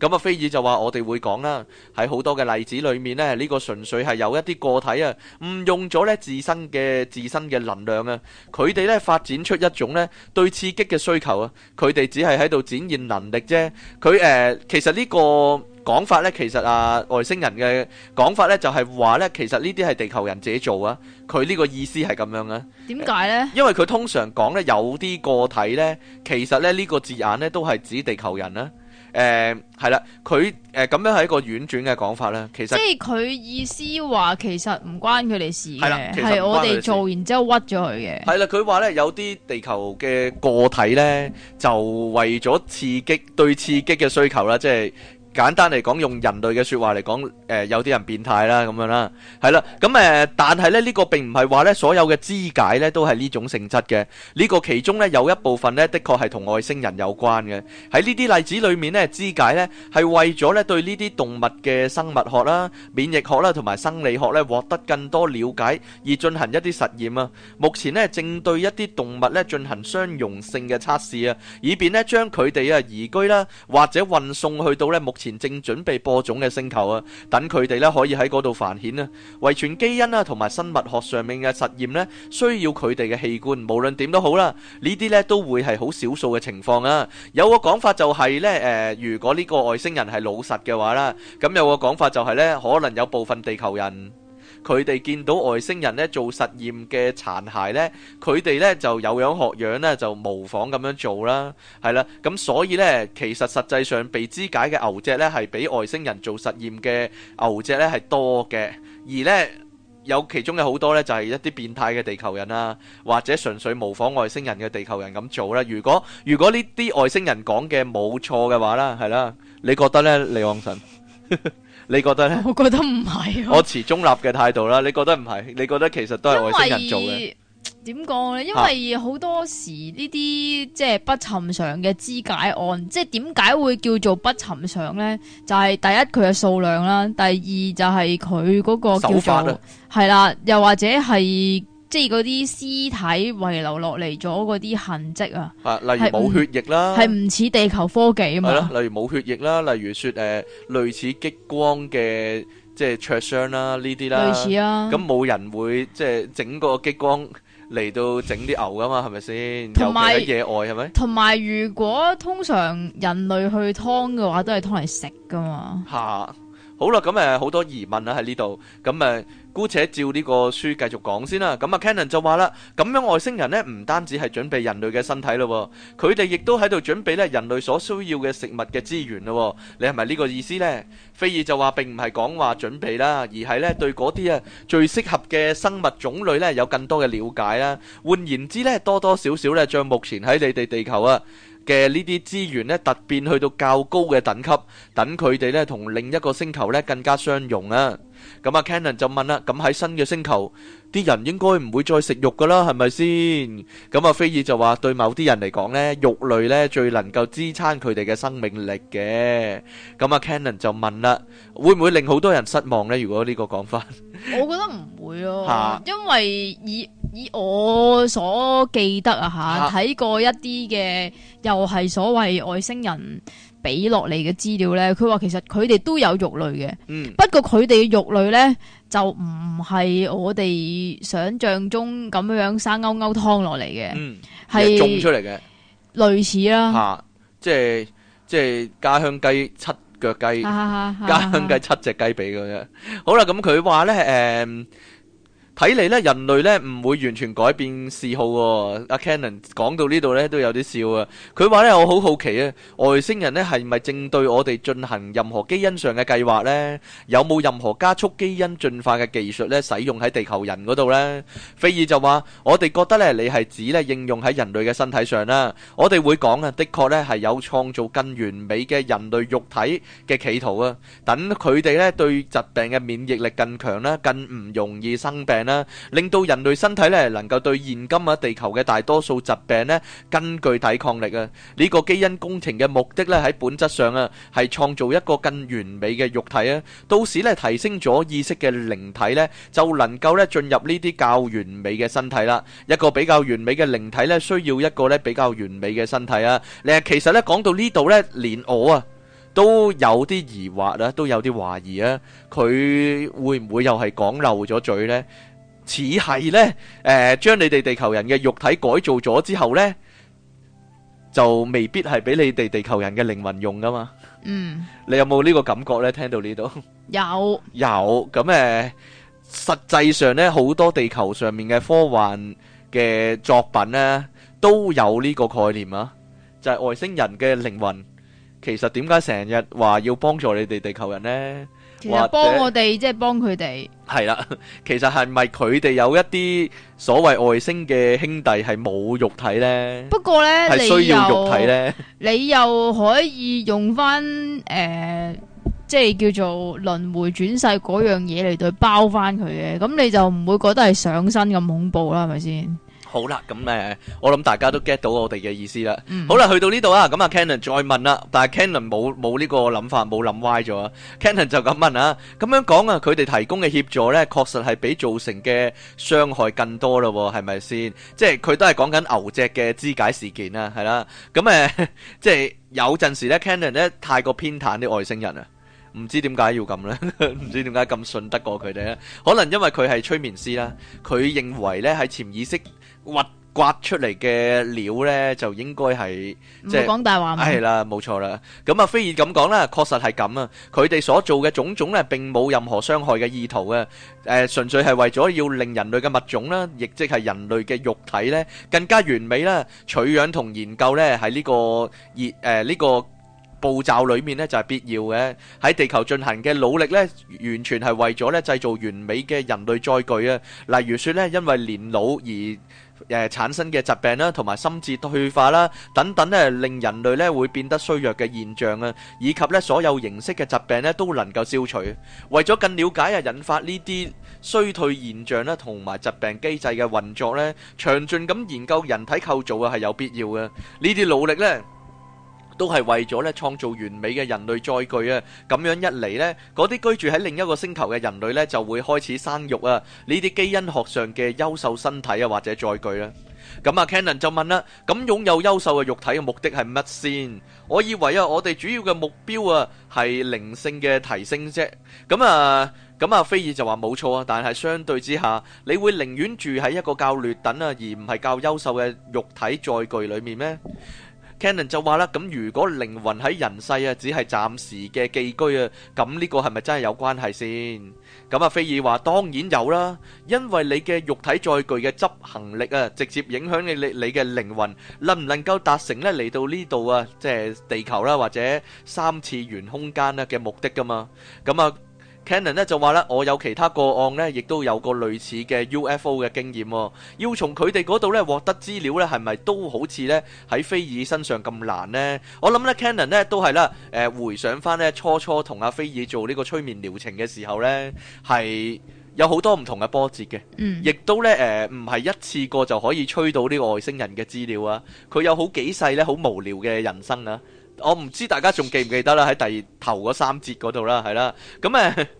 咁啊菲爾就話我哋會講啦，喺好多嘅例子裏面咧，呢個純粹係有一啲個體啊誤用咗咧自身嘅自身嘅能量啊，佢哋咧發展出一種咧對刺激嘅需求啊，佢哋只係喺度展現能力啫。佢誒其實呢個。講法咧，其實啊，外星人嘅講法咧，就係話咧，其實呢啲係地球人自己做啊。佢呢個意思係咁樣啊。點解咧？因為佢通常講咧，有啲個體咧，其實咧呢、這個字眼咧都係指地球人啦。誒、嗯，係啦，佢誒咁樣係一個婉轉嘅講法啦。其實即係佢意思話，其實唔關佢哋事嘅，係我哋做，然之後屈咗佢嘅。係啦，佢話咧有啲地球嘅個體咧，就為咗刺激對刺激嘅需求啦，即係。簡單嚟講，用人類嘅説話嚟講，誒，有啲人變態啦咁樣啦，係啦，咁誒，但係咧呢個並唔係話咧所有嘅肢解咧都係呢種性質嘅，呢個其中咧有一部分咧，的確係同外星人有關嘅。喺呢啲例子裏面咧，肢解咧係為咗咧對呢啲動物嘅生物學啦、免疫學啦同埋生理學咧獲得更多了解而進行一啲實驗啊。目前咧正對一啲動物咧進行相容性嘅測試啊，以便咧將佢哋啊移居啦或者運送去到咧目前正準備播種嘅星球啊，等佢哋咧可以喺嗰度繁衍啊，遺傳基因啊，同埋生物學上面嘅實驗呢，需要佢哋嘅器官，無論點都好啦，呢啲呢都會係好少數嘅情況啊。有個講法就係呢：誒，如果呢個外星人係老實嘅話啦，咁有個講法就係呢：可能有部分地球人。佢哋見到外星人咧做實驗嘅殘骸咧，佢哋咧就有樣學樣咧就模仿咁樣做啦，係啦。咁所以咧，其實實際上被肢解嘅牛隻咧係比外星人做實驗嘅牛隻咧係多嘅，而咧有其中嘅好多咧就係一啲變態嘅地球人啊，或者純粹模仿外星人嘅地球人咁做啦。如果如果呢啲外星人講嘅冇錯嘅話啦，係啦，你覺得咧，李旺臣？ *laughs* 你覺得咧？我覺得唔係。我持中立嘅態度啦。你覺得唔係？你覺得其實都係外星人做嘅。點講咧？因為好、啊、多時呢啲即係不尋常嘅肢解案，即係點解會叫做不尋常咧？就係、是、第一佢嘅數量啦，第二就係佢嗰個手法啦、啊，係啦，又或者係。即係嗰啲屍體遺留落嚟咗嗰啲痕跡啊，係、啊、例如冇血液啦，係唔似地球科技啊嘛，係咯、啊，例如冇血液啦，例如説誒、呃、類似激光嘅即係灼傷啦呢啲啦，類似啊，咁冇人會即係整個激光嚟到整啲牛噶嘛，係咪先？同埋有野外係咪？同埋如果通常人類去劏嘅話，都係劏嚟食噶嘛，下、啊。好啦，咁誒好多疑問啦喺呢度，咁誒姑且照呢個書繼續講先啦。咁啊，Cannon 就話啦，咁樣外星人咧唔單止係準備人類嘅身體咯，佢哋亦都喺度準備咧人類所需要嘅食物嘅資源咯。你係咪呢個意思咧？菲爾就話並唔係講話準備啦，而係咧對嗰啲啊最適合嘅生物種類咧有更多嘅瞭解啦。換言之咧，多多少少咧，將目前喺你哋地球啊。嘅呢啲資源咧，突變去到較高嘅等級，等佢哋咧同另一個星球咧更加相融啊！咁啊，Cannon 就問啦，咁喺新嘅星球，啲人應該唔會再食肉噶啦，係咪先？咁啊，菲爾就話：對某啲人嚟講咧，肉類咧最能夠支撐佢哋嘅生命力嘅。咁啊，Cannon 就問啦：會唔會令好多人失望咧？如果呢個講法，我覺得唔會咯，因為以以我所記得啊嚇，睇過一啲嘅又係所謂外星人俾落嚟嘅資料咧，佢話其實佢哋都有肉類嘅，嗯、不過佢哋嘅肉類咧就唔係我哋想象中咁樣生勾勾湯落嚟嘅，係、嗯、是 種出嚟嘅，類似啦、啊啊，即係即係家鄉雞七腳雞，啊啊、家鄉雞七隻雞髀咁樣。好啦，咁佢話咧誒。嗯睇嚟咧，人類咧唔會完全改變嗜好喎。阿 Cannon 講到呢度咧，都有啲笑啊。佢話咧，我好好奇啊，外星人咧係咪正對我哋進行任何基因上嘅計劃咧？有冇任何加速基因進化嘅技術咧？使用喺地球人嗰度咧？菲爾就話：我哋覺得咧，你係指咧應用喺人類嘅身體上啦。我哋會講啊，的確咧係有創造更完美嘅人類肉體嘅企圖啊。等佢哋咧對疾病嘅免疫力更強啦，更唔容易生病啦。令到人類身體咧，能夠對現今啊地球嘅大多數疾病咧，更具抵抗力啊！呢個基因工程嘅目的咧，喺本質上啊，係創造一個更完美嘅肉體啊！到時咧，提升咗意識嘅靈體咧，就能夠咧進入呢啲較完美嘅身體啦。一個比較完美嘅靈體咧，需要一個咧比較完美嘅身體啊！嗱，其實咧講到呢度咧，連我啊都有啲疑惑啊，都有啲懷疑啊，佢會唔會又係講漏咗嘴咧？似係咧，誒、呃，將你哋地球人嘅肉體改造咗之後呢，就未必係俾你哋地球人嘅靈魂用噶嘛。嗯，你有冇呢個感覺呢？聽到呢度有有，咁誒、 *laughs* 呃，實際上呢，好多地球上面嘅科幻嘅作品呢，都有呢個概念啊，就係、是、外星人嘅靈魂。其實點解成日話要幫助你哋地球人呢？其實幫我哋者即係幫佢哋。係啦，其實係咪佢哋有一啲所謂外星嘅兄弟係冇肉體呢？不過呢，係需要肉體呢？你又， *laughs* 你又可以用翻誒、呃，即係叫做輪迴轉世嗰樣嘢嚟對包翻佢嘅，咁你就唔會覺得係上身咁恐怖啦，係咪先？好啦，咁誒，我諗大家都 get 到我哋嘅意思啦。好啦，去到呢度啊，咁啊，Cannon 再問啦，但係 Cannon 冇冇呢個諗法，冇諗歪咗。Cannon 就咁問啦，咁樣講啊，佢哋提供嘅協助咧，確實係比造成嘅傷害更多咯，係咪先？即係佢都係講緊牛隻嘅肢解事件啦，係啦。咁誒，即係有陣時咧，Cannon 咧太過偏袒啲外星人啊，唔知點解要咁咧？唔知點解咁信得過佢哋咧？可能因為佢係催眠師啦，佢認為咧喺潛意識，挖掘出嚟嘅料咧，就應該係唔好講大話。係啦，冇錯啦。咁啊，菲爾咁講啦，確實係咁啊。佢哋所做嘅種種咧，並冇任何傷害嘅意圖嘅。誒，純粹係為咗要令人類嘅物種啦，亦即係人類嘅肉體咧，更加完美啦。取樣同研究咧，喺呢個熱誒呢個步驟裏面咧，就係必要嘅。喺地球進行嘅努力咧，完全係為咗咧製造完美嘅人類載具啊。例如說咧，因為年老而誒、呃、產生嘅疾病啦，同埋心智退化啦，等等咧，令人類咧會變得衰弱嘅現象啊，以及咧所有形式嘅疾病咧都能夠消除。為咗更了解啊，引發呢啲衰退現象咧，同埋疾病機制嘅運作咧，詳盡咁研究人體構造啊，係有必要嘅。呢啲努力咧，都係為咗咧創造完美嘅人類載具啊！咁樣一嚟咧，嗰啲居住喺另一個星球嘅人類咧，就會開始生育啊。呢啲基因學上嘅優秀身體啊，或者載具啦。咁啊，Cannon 就問啦：「咁擁有優秀嘅肉體嘅目的係乜先？」我以為啊，我哋主要嘅目標啊，係靈性嘅提升啫。咁啊，咁啊，菲爾就話冇錯啊，但係相對之下，你會寧願住喺一個較劣等啊，而唔係較優秀嘅肉體載具裏面咩？Canon 就話啦，咁如果靈魂喺人世啊，只係暫時嘅寄居啊，咁呢個係咪真係有關係先？咁啊，菲爾話當然有啦，因為你嘅肉體載具嘅執行力啊，直接影響你你你嘅靈魂能唔能夠達成呢嚟到呢度啊，即係地球啦或者三次元空間啊嘅目的噶嘛，咁啊。Cannon 咧就話咧，我有其他個案咧，亦都有個類似嘅 UFO 嘅經驗喎、哦。要從佢哋嗰度咧獲得資料咧，係咪都好似咧喺菲爾身上咁難呢？我諗咧，Cannon 咧都係啦，誒、呃、回想翻咧，初初同阿菲爾做呢個催眠療程嘅時候咧，係有好多唔同嘅波折嘅，嗯，亦都咧誒唔係一次過就可以催到呢個外星人嘅資料啊。佢有好幾世咧，好無聊嘅人生啊。我唔知大家仲記唔記得啦，喺第二頭嗰三節嗰度啦，係啦，咁、嗯、誒。嗯 *laughs*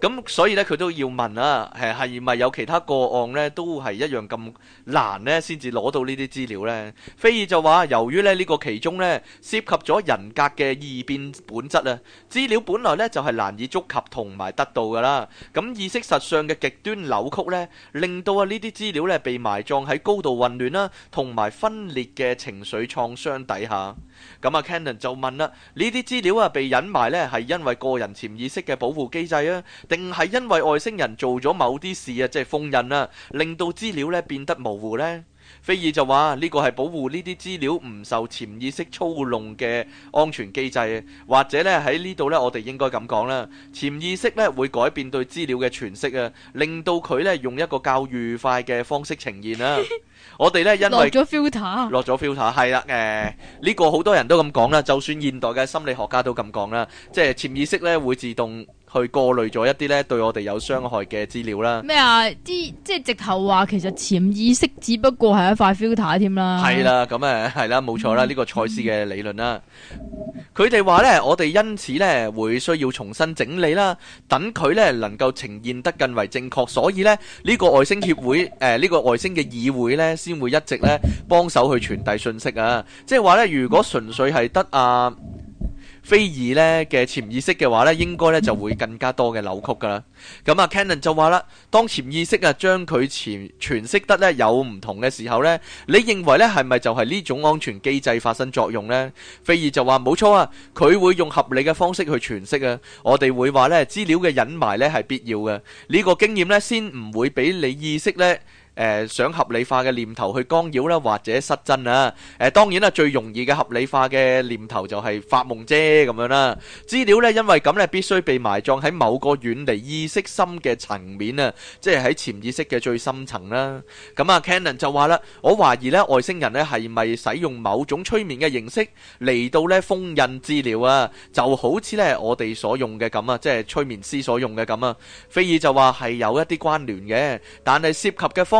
咁所以咧，佢都要問啦，係係咪有其他個案咧，都係一樣咁難咧，先至攞到呢啲資料咧？菲爾就話，由於咧呢個其中咧涉及咗人格嘅異變本質啊，資料本來咧就係難以觸及同埋得到㗎喇。咁意識實上嘅極端扭曲咧，令到啊呢啲資料咧被埋葬喺高度混亂啦，同埋分裂嘅情緒創傷底下。咁啊，Cannon 就問啦，呢啲資料啊被隱埋咧係因為個人潛意識嘅保護機制啊？定係因為外星人做咗某啲事啊，即係封印啦，令到資料咧變得模糊咧？菲爾就話呢個係保護呢啲資料唔受潛意識操弄嘅安全機制，或者咧喺呢度咧，我哋應該咁講啦。潛意識咧會改變對資料嘅詮釋啊，令到佢咧用一個較愉快嘅方式呈現啦。我哋咧因為落咗 filter，落咗 filter 係啦。誒，呢個好多人都咁講啦，就算現代嘅心理學家都咁講啦，即係潛意識咧會自動。去過濾咗一啲呢對我哋有傷害嘅資料啦。咩啊？啲即係直頭話其實潛意識只不過係一塊 filter 添啦。係啦，咁誒係啦，冇錯啦，呢個賽斯嘅理論啦。佢哋話呢，我哋因此呢會需要重新整理啦，等佢呢能夠呈現得更為正確。所以呢，呢個外星協會誒，呢、 *laughs* 呃呢個外星嘅議會呢，先會一直呢幫手去傳遞信息啊。即係話呢，如果純粹係得啊～非爾呢嘅潛意識嘅話呢，應該呢就會更加多嘅扭曲噶啦。咁啊，Cannon 就話啦，當潛意識啊將佢潛詮釋得呢有唔同嘅時候呢，你認為呢係咪就係呢種安全機制發生作用呢？非」非爾就話冇錯啊，佢會用合理嘅方式去詮釋啊。我哋會話呢資料嘅隱埋呢係必要嘅，呢、這個經驗呢，先唔會俾你意識呢。誒想合理化嘅念頭去干擾啦，或者失真啊！誒當然啦，最容易嘅合理化嘅念頭就係發夢啫，咁樣啦。資料咧，因為咁咧，必須被埋葬喺某個遠離意識心嘅層面啊，即係喺潛意識嘅最深層啦。咁啊，Cannon 就話啦，我懷疑咧外星人咧係咪使用某種催眠嘅形式嚟到咧封印資料啊？就好似咧我哋所用嘅咁啊，即係催眠師所用嘅咁啊。菲爾就話係有一啲關聯嘅，但係涉及嘅方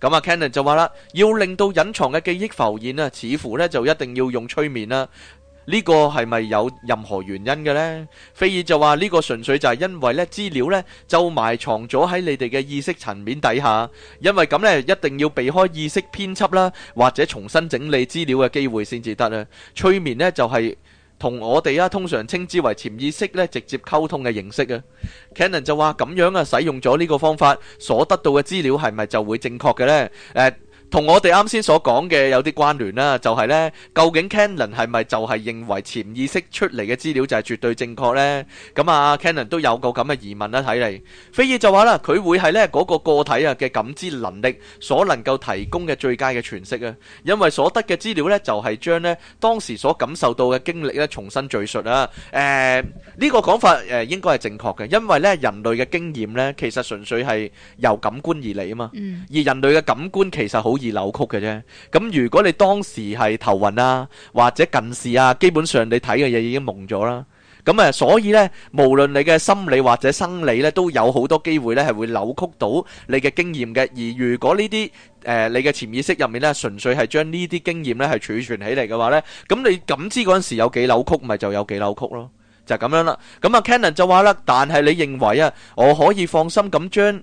咁啊，Cannon 就話啦，要令到隱藏嘅記憶浮現啊，似乎呢就一定要用催眠啦。呢、呢個係咪有任何原因嘅呢？菲爾就話呢、呢個純粹就係因為呢資料呢就埋藏咗喺你哋嘅意識層面底下，因為咁呢一定要避開意識編輯啦，或者重新整理資料嘅機會先至得咧。催眠呢就係、是。同我哋啊，通常稱之為潛意識呢，直接溝通嘅形式啊，Cannon 就話咁樣啊，使用咗呢個方法所得到嘅資料係咪就會正確嘅呢？誒、uh，同我哋啱先所講嘅有啲關聯啦，就係咧，究竟 Cannon 係咪就係認為潛意識出嚟嘅資料就係絕對正確咧？咁啊，Cannon 都有個咁嘅疑問啦。睇嚟，菲爾就話啦，佢會係咧嗰個個體啊嘅感知能力所能夠提供嘅最佳嘅詮釋啊，因為所得嘅資料咧就係將咧當時所感受到嘅經歷咧重新敘述啦。誒，呢個講法誒應該係正確嘅，因為咧人類嘅經驗咧其實純粹係由感官而嚟啊嘛。嗯。而人類嘅感官其實好好易扭曲嘅啫，咁如果你當時係頭暈啊，或者近視啊，基本上你睇嘅嘢已經蒙咗啦，咁啊，所以咧，無論你嘅心理或者生理咧，都有好多機會咧係會扭曲到你嘅經驗嘅，而如果呢啲誒你嘅潛意識入面咧，純粹係將呢啲經驗咧係儲存起嚟嘅話咧，咁你感知嗰陣時有幾扭曲，咪就有幾扭曲咯，就咁樣啦。咁啊，Cannon 就話啦，但係你認為啊，我可以放心咁將。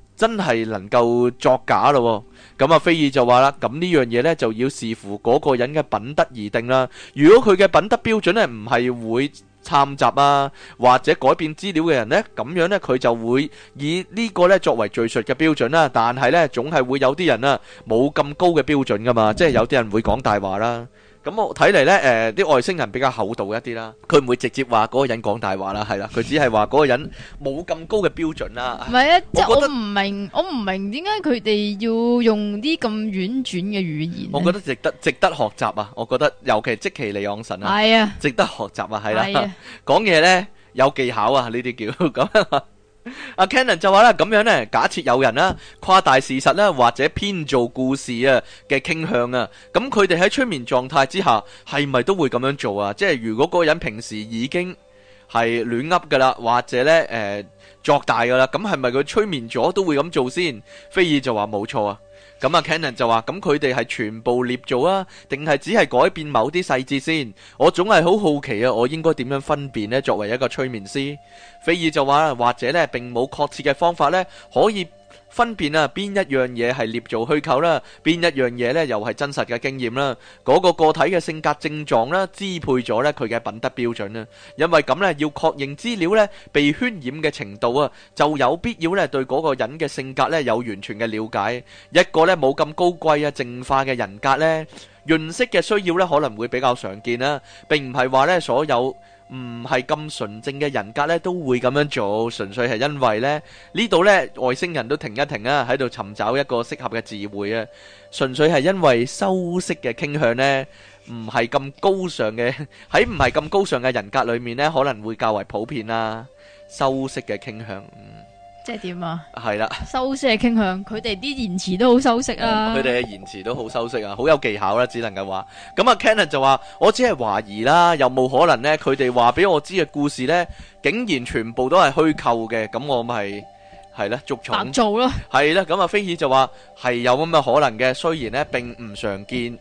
真係能夠作假咯，咁啊菲爾就話啦，咁呢樣嘢呢，就要視乎嗰個人嘅品德而定啦。如果佢嘅品德標準咧唔係會摻雜啊或者改變資料嘅人呢，咁樣呢，佢就會以呢個呢作為敘述嘅標準啦。但係呢，總係會有啲人啊冇咁高嘅標準噶嘛，嗯、即係有啲人會講大話啦。咁我睇嚟咧，誒啲、呃、外星人比較厚道一啲啦，佢唔會直接話嗰個人講大話啦，係啦，佢只係話嗰個人冇咁高嘅標準啦。唔係啊，即係我唔明，我唔明點解佢哋要用啲咁婉轉嘅語言。我覺得值得值得學習啊！我覺得尤其係即其嚟昂神啊，係啊，值得學習啊，係啦，講嘢咧有技巧啊，呢啲叫咁。 *laughs* 阿 Kenan 就話啦，咁樣呢，假設有人啦，啊，誇大事實啦，啊，或者編造故事啊嘅傾向啊，咁佢哋喺催眠狀態之下係咪都會咁樣做啊？即係如果嗰個人平時已經係亂噏噶啦，或者呢誒、呃、作大噶啦，咁係咪佢催眠咗都會咁做先？菲爾就話冇錯啊。咁啊，Canon 就話，咁佢哋係全部捏造啊，定係只係改變某啲細節先？我總係好好奇啊，我應該點樣分辨呢？作為一個催眠師，菲爾就話，或者呢，並冇確切嘅方法呢，可以，分辨啊，邊一樣嘢係捏造虛構啦，邊一樣嘢咧又係真實嘅經驗啦。嗰個個體嘅性格症狀啦，支配咗咧佢嘅品德標準啦。因為咁咧，要確認資料咧被渲染嘅程度啊，就有必要咧對嗰個人嘅性格咧有完全嘅了解。一個咧冇咁高貴啊淨化嘅人格咧，認識嘅需要咧可能會比較常見啦，並唔係話咧所有，唔係咁純正嘅人格呢，都會咁樣做，純粹係因為呢，呢度呢，外星人都停一停啊，喺度尋找一個適合嘅智慧。啊，純粹係因為修飾嘅傾向呢，唔係咁高尚嘅，喺唔係咁高尚嘅人格裡面呢，可能會較為普遍啦、啊，修飾嘅傾向。即係點啊？係啦、啊，修飾嘅傾向，佢哋啲言詞都好修飾啊。佢哋嘅言詞都好修飾啊，好有技巧啦、啊，只能夠話。咁啊 Cannon 就話：我只係懷疑啦，有冇可能咧。佢哋話俾我知嘅故事咧，竟然全部都係虛構嘅。咁我咪係咧逐重做咯。係咧，咁啊，菲爾就話係有咁嘅可能嘅，雖然咧並唔常見。嗯。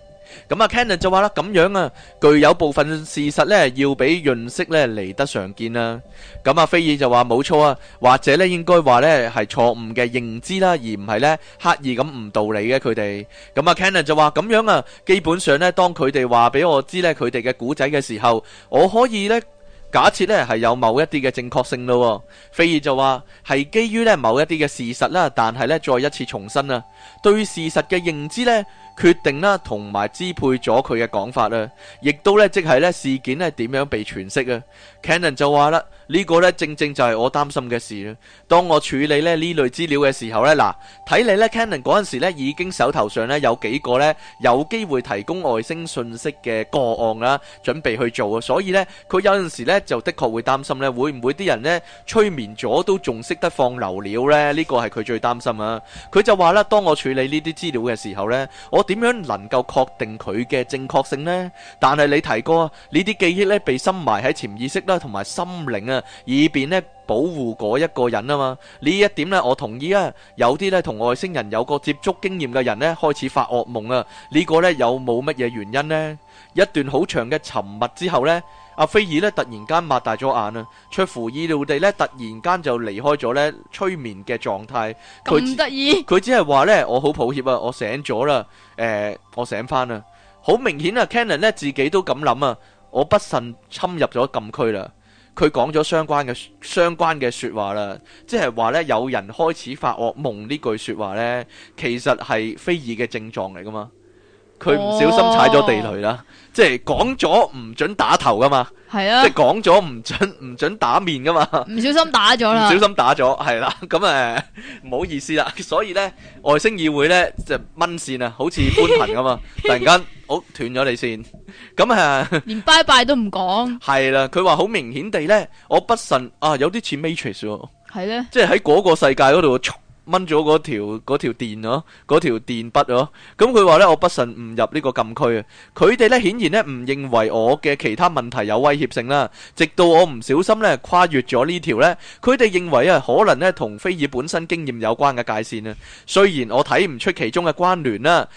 咁啊 Cannon 就話啦，咁樣啊，具有部分事實咧，要比潤色咧嚟得常見啦。咁阿菲爾就話冇錯啊，或者咧應該話咧係錯誤嘅認知啦，而唔係咧刻意咁誤道理嘅佢哋。咁、嗯、啊，Cannon 就話咁樣啊，基本上咧，當佢哋話俾我知咧，佢哋嘅古仔嘅時候，我可以咧假設咧係有某一啲嘅正確性咯。菲爾就話係基於咧某一啲嘅事實啦，但係咧再一次重申啊，對事實嘅認知咧。決定啦，同埋支配咗佢嘅講法啦，亦都咧即係咧事件咧點樣被詮釋啊。Cannon 就話啦，呢個咧正正就係我擔心嘅事啦。當我處理咧呢類資料嘅時候咧，嗱睇嚟咧 Cannon 嗰陣時咧已經手頭上咧有幾個咧有機會提供外星信息嘅個案啦，準備去做啊，所以咧佢有陣時咧就的確會擔心咧，會唔會啲人咧催眠咗都仲識得放流料咧？呢個係佢最擔心啊。佢就話啦，當我處理呢啲資料嘅時候咧，我。點樣能夠確定佢嘅正確性呢？但係你提過呢啲記憶咧被深埋喺潛意識啦，同埋心靈啊，以便咧保護嗰一個人啊嘛。呢一點咧我同意啊。有啲咧同外星人有過接觸經驗嘅人咧開始發惡夢啊。呢、呢個咧有冇乜嘢原因呢？一段好長嘅沉默之後呢。阿菲爾咧突然間擘大咗眼啊，出乎意料地咧突然間就離開咗咧催眠嘅狀態。佢咁得意？佢只係話咧，我好抱歉啊，我醒咗啦，誒、呃，我醒翻啦。好明顯啊，Cannon 咧自己都咁諗啊，我不慎侵入咗禁區啦。佢講咗相關嘅相關嘅説話啦，即係話咧有人開始發惡夢，句呢句説話咧，其實係菲爾嘅症狀嚟噶嘛。佢唔小心踩咗地雷啦，即係講咗唔准打頭噶嘛，即係講咗唔准唔准打面噶嘛，唔小心打咗，唔小心打咗，係啦，咁誒唔好意思啦，所以咧外星議會咧就掹線啊，好似搬藤咁啊，突然間好斷咗你線，咁誒連拜拜都唔講，係啦，佢話好明顯地咧，我不慎啊，有啲似 Matrix 喎，係咧，即係喺嗰個世界嗰度。掹咗嗰條嗰條電咯，嗰條電筆咯，咁佢話咧，我不慎誤入呢個禁區啊！佢哋咧顯然咧唔認為我嘅其他問題有威脅性啦，直到我唔小心咧跨越咗呢條咧，佢哋認為啊，可能咧同菲爾本身經驗有關嘅界線啊，雖然我睇唔出其中嘅關聯啦。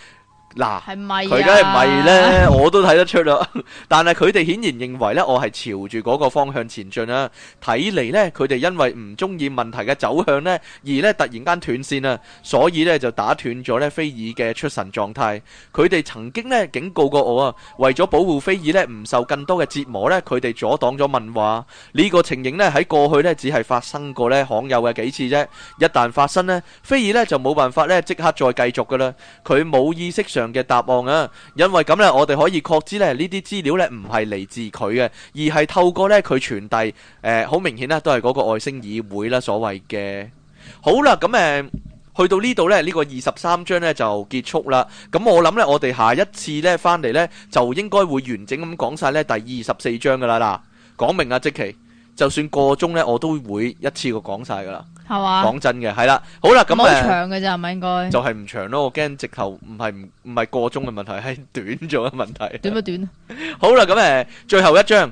嗱，係唔係啊？佢梗係唔係咧，我都睇得出啦。但係佢哋顯然認為咧，我係朝住嗰個方向前進啊。睇嚟咧，佢哋因為唔中意問題嘅走向咧，而咧突然間斷線啊，所以咧就打斷咗咧菲爾嘅出神狀態。佢哋曾經咧警告過我啊，為咗保護菲爾咧唔受更多嘅折磨咧，佢哋阻擋咗問話。呢個情形咧喺過去咧只係發生過咧罕有嘅幾次啫。一旦發生咧，菲爾咧就冇辦法咧即刻再繼續噶啦。佢冇意識上嘅答案啊，因為咁呢，我哋可以確知咧，呢啲資料呢唔係嚟自佢嘅，而係透過呢佢傳遞。誒、呃，好明顯呢都係嗰個外星議會啦，所謂嘅。好啦，咁、嗯、誒，去到呢度呢，呢、這個二十三章呢就結束啦。咁我諗呢，我哋下一次呢翻嚟呢，就應該會完整咁講晒呢第二十四章噶啦嗱，講明啊，即期。就算個鐘咧，我都會一次過講晒噶啦。係嘛吧，講真嘅係啦。好啦，咁唔好長嘅咋，係咪應該？就係唔長咯，我驚直頭唔係唔唔係個鐘嘅問題，係短咗嘅問題。短咪短。 *laughs* 好啦，咁誒，最後一張，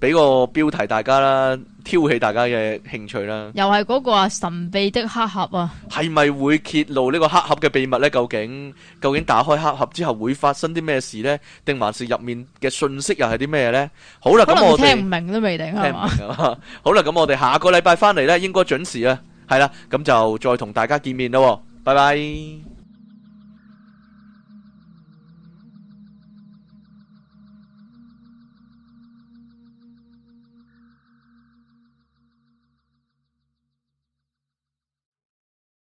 俾個標題大家啦。挑起大家嘅興趣啦，又係嗰個啊神秘的黑盒啊，係咪會揭露呢個黑盒嘅秘密呢？究竟究竟打開黑盒之後會發生啲咩事呢？定還是入面嘅信息又係啲咩呢？好啦，咁我可能聽唔明都未定，聽唔明，係嘛？好啦，咁我哋下個禮拜翻嚟呢，應該準時啊，係啦，咁就再同大家見面咯，拜拜。